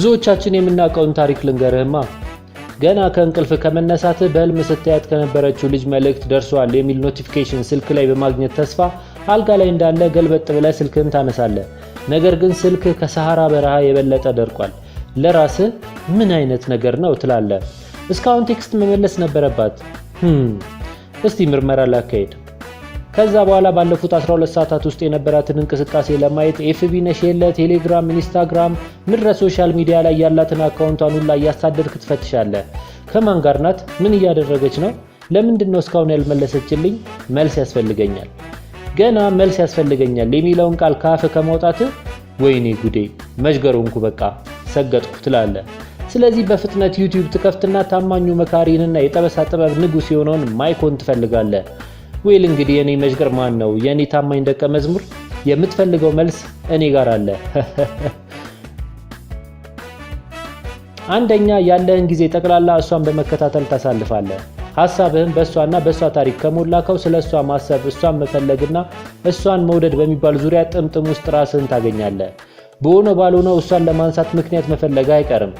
ብዙዎቻችን የምናውቀውን ታሪክ ልንገርህማ። ገና ከእንቅልፍ ከመነሳት በህልም ስታያት ከነበረችው ልጅ መልእክት ደርሷል የሚል ኖቲፊኬሽን ስልክ ላይ በማግኘት ተስፋ አልጋ ላይ እንዳለ ገልበጥ ብለህ ስልክን ታነሳለ ነገር ግን ስልክ ከሰሐራ በረሃ የበለጠ ደርቋል። ለራስ ምን አይነት ነገር ነው ትላለ። እስካሁን ቴክስት መመለስ ነበረባት። እስቲ ምርመራ ላካሄድ። ከዛ በኋላ ባለፉት 12 ሰዓታት ውስጥ የነበራትን እንቅስቃሴ ለማየት ኤፍቢ ነሽ የለ ቴሌግራም፣ ኢንስታግራም ምድረ ሶሻል ሚዲያ ላይ ያላትን አካውንቷን ሁላ እያሳደድክ ትፈትሻለ ከማን ጋር ናት? ምን እያደረገች ነው? ለምንድን ነው እስካሁን ያልመለሰችልኝ? መልስ ያስፈልገኛል፣ ገና መልስ ያስፈልገኛል የሚለውን ቃል ከአፍ ከመውጣት ወይኔ ጉዴ መዥገሮንኩ በቃ ሰገጥኩ ትላለ ስለዚህ በፍጥነት ዩቲዩብ ትከፍትና ታማኙ መካሪንና የጠበሳ ጥበብ ንጉሥ የሆነውን ማይኮን ትፈልጋለህ። ዌል እንግዲህ የኔ መዥገር ማን ነው የኔ ታማኝ ደቀ መዝሙር፣ የምትፈልገው መልስ እኔ ጋር አለ። አንደኛ ያለህን ጊዜ ጠቅላላ እሷን በመከታተል ታሳልፋለህ። ሀሳብህም በእሷና በእሷ ታሪክ ከሞላከው ስለ እሷ ማሰብ፣ እሷን መፈለግና እሷን መውደድ በሚባል ዙሪያ ጥምጥም ውስጥ ራስህን ታገኛለህ። በሆነ ባልሆነው እሷን ለማንሳት ምክንያት መፈለግ አይቀርም።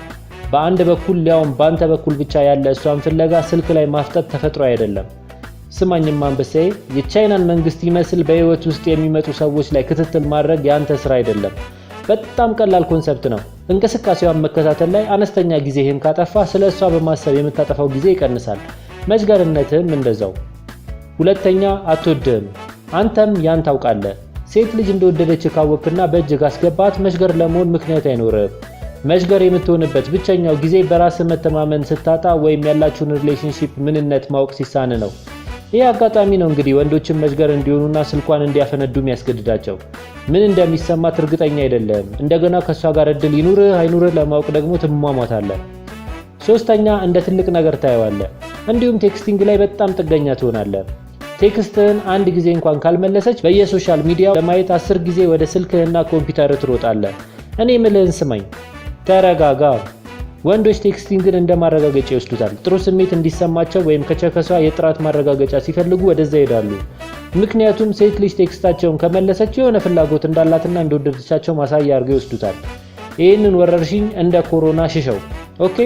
በአንድ በኩል ሊያውም በአንተ በኩል ብቻ ያለ እሷን ፍለጋ ስልክ ላይ ማፍጠጥ ተፈጥሮ አይደለም። ስማኝም አንበሳዬ የቻይናን መንግስት ይመስል በህይወት ውስጥ የሚመጡ ሰዎች ላይ ክትትል ማድረግ የአንተ ስራ አይደለም። በጣም ቀላል ኮንሰፕት ነው። እንቅስቃሴዋን መከታተል ላይ አነስተኛ ጊዜህን ካጠፋ ስለ እሷ በማሰብ የምታጠፋው ጊዜ ይቀንሳል። መዥገርነትህም እንደዛው። ሁለተኛ አትወድህም፣ አንተም ያን ታውቃለህ። ሴት ልጅ እንደወደደች ካወቅና በእጅግ አስገባት፣ መዥገር ለመሆን ምክንያት አይኖርም። መሽገር የምትሆንበት ብቸኛው ጊዜ በራስ መተማመን ስታጣ ወይም ያላችሁን ሪሌሽንሺፕ ምንነት ማወቅ ሲሳን ነው። ይህ አጋጣሚ ነው እንግዲህ ወንዶችን መዥገር እንዲሆኑና ስልኳን እንዲያፈነዱ የሚያስገድዳቸው። ምን እንደሚሰማት እርግጠኛ አይደለም። እንደገና ከእሷ ጋር እድል ይኑርህ አይኑርህ ለማወቅ ደግሞ ትሟሟታለህ። ሶስተኛ፣ እንደ ትልቅ ነገር ታየዋለህ። እንዲሁም ቴክስቲንግ ላይ በጣም ጥገኛ ትሆናለህ። ቴክስትህን አንድ ጊዜ እንኳን ካልመለሰች በየሶሻል ሚዲያ ለማየት አስር ጊዜ ወደ ስልክህና ኮምፒውተር ትሮጣለህ። እኔ ምልህን ስማኝ፣ ተረጋጋ። ወንዶች ቴክስቲንግን እንደ ማረጋገጫ ይወስዱታል። ጥሩ ስሜት እንዲሰማቸው ወይም ከቸከሷ የጥራት ማረጋገጫ ሲፈልጉ ወደዛ ይሄዳሉ። ምክንያቱም ሴት ልጅ ቴክስታቸውን ከመለሰች የሆነ ፍላጎት እንዳላትና እንደወደደቻቸው ማሳያ አድርገው ይወስዱታል። ይህንን ወረርሽኝ እንደ ኮሮና ሽሸው። ኦኬ።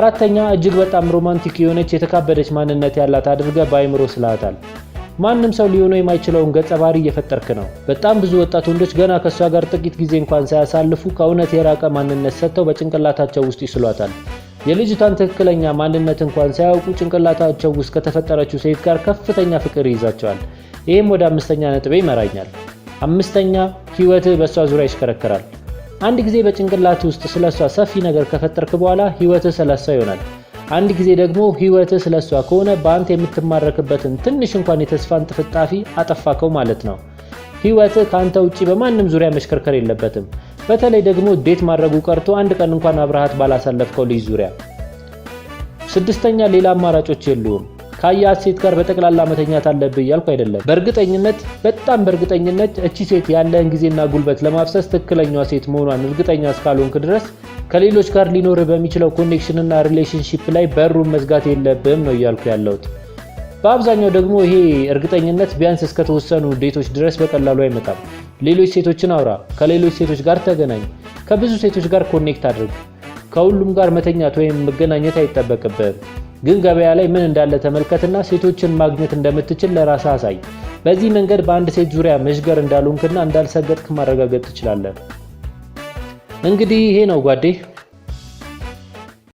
አራተኛ እጅግ በጣም ሮማንቲክ የሆነች የተካበደች ማንነት ያላት አድርገ በአይምሮ ስላታል። ማንም ሰው ሊሆነው የማይችለውን ገጸ ባህሪ እየፈጠርክ ነው። በጣም ብዙ ወጣት ወንዶች ገና ከእሷ ጋር ጥቂት ጊዜ እንኳን ሳያሳልፉ ከእውነት የራቀ ማንነት ሰጥተው በጭንቅላታቸው ውስጥ ይስሏታል። የልጅቷን ትክክለኛ ማንነት እንኳን ሳያውቁ ጭንቅላታቸው ውስጥ ከተፈጠረችው ሴት ጋር ከፍተኛ ፍቅር ይይዛቸዋል። ይህም ወደ አምስተኛ ነጥቤ ይመራኛል። አምስተኛ ህይወትህ በእሷ ዙሪያ ይሽከረከራል። አንድ ጊዜ በጭንቅላት ውስጥ ስለሷ ሰፊ ነገር ከፈጠርክ በኋላ ህይወትህ ስለሷ ይሆናል። አንድ ጊዜ ደግሞ ህይወት ስለሷ ከሆነ በአንተ የምትማረክበትን ትንሽ እንኳን የተስፋን ጥፍጣፊ አጠፋከው ማለት ነው። ህይወት ከአንተ ውጭ በማንም ዙሪያ መሽከርከር የለበትም። በተለይ ደግሞ ዴት ማድረጉ ቀርቶ አንድ ቀን እንኳን አብረሃት ባላሳለፍከው ልጅ ዙሪያ። ስድስተኛ ሌላ አማራጮች የሉም። ካያት ሴት ጋር በጠቅላላ መተኛት አለብህ እያልኩ አይደለም። በእርግጠኝነት በጣም በእርግጠኝነት እቺ ሴት ያለህን ጊዜና ጉልበት ለማፍሰስ ትክክለኛዋ ሴት መሆኗን እርግጠኛ እስካልሆንክ ድረስ ከሌሎች ጋር ሊኖር በሚችለው ኮኔክሽን ሪሌሽንሽፕ ላይ በሩን መዝጋት የለብም ነው እያልኩ ያለሁት። በአብዛኛው ደግሞ ይሄ እርግጠኝነት ቢያንስ እስከተወሰኑ ዴቶች ድረስ በቀላሉ አይመጣም። ሌሎች ሴቶችን አውራ፣ ከሌሎች ሴቶች ጋር ተገናኝ፣ ከብዙ ሴቶች ጋር ኮኔክት አድርግ። ከሁሉም ጋር መተኛት ወይም መገናኘት አይጠበቅብህም፣ ግን ገበያ ላይ ምን እንዳለ ተመልከትና ሴቶችን ማግኘት እንደምትችል ለራስ አሳይ። በዚህ መንገድ በአንድ ሴት ዙሪያ መሽገር እንዳልሆንክና እንዳልሰገጥክ ማረጋገጥ ትችላለህ። እንግዲህ ይሄ ነው ጓዴ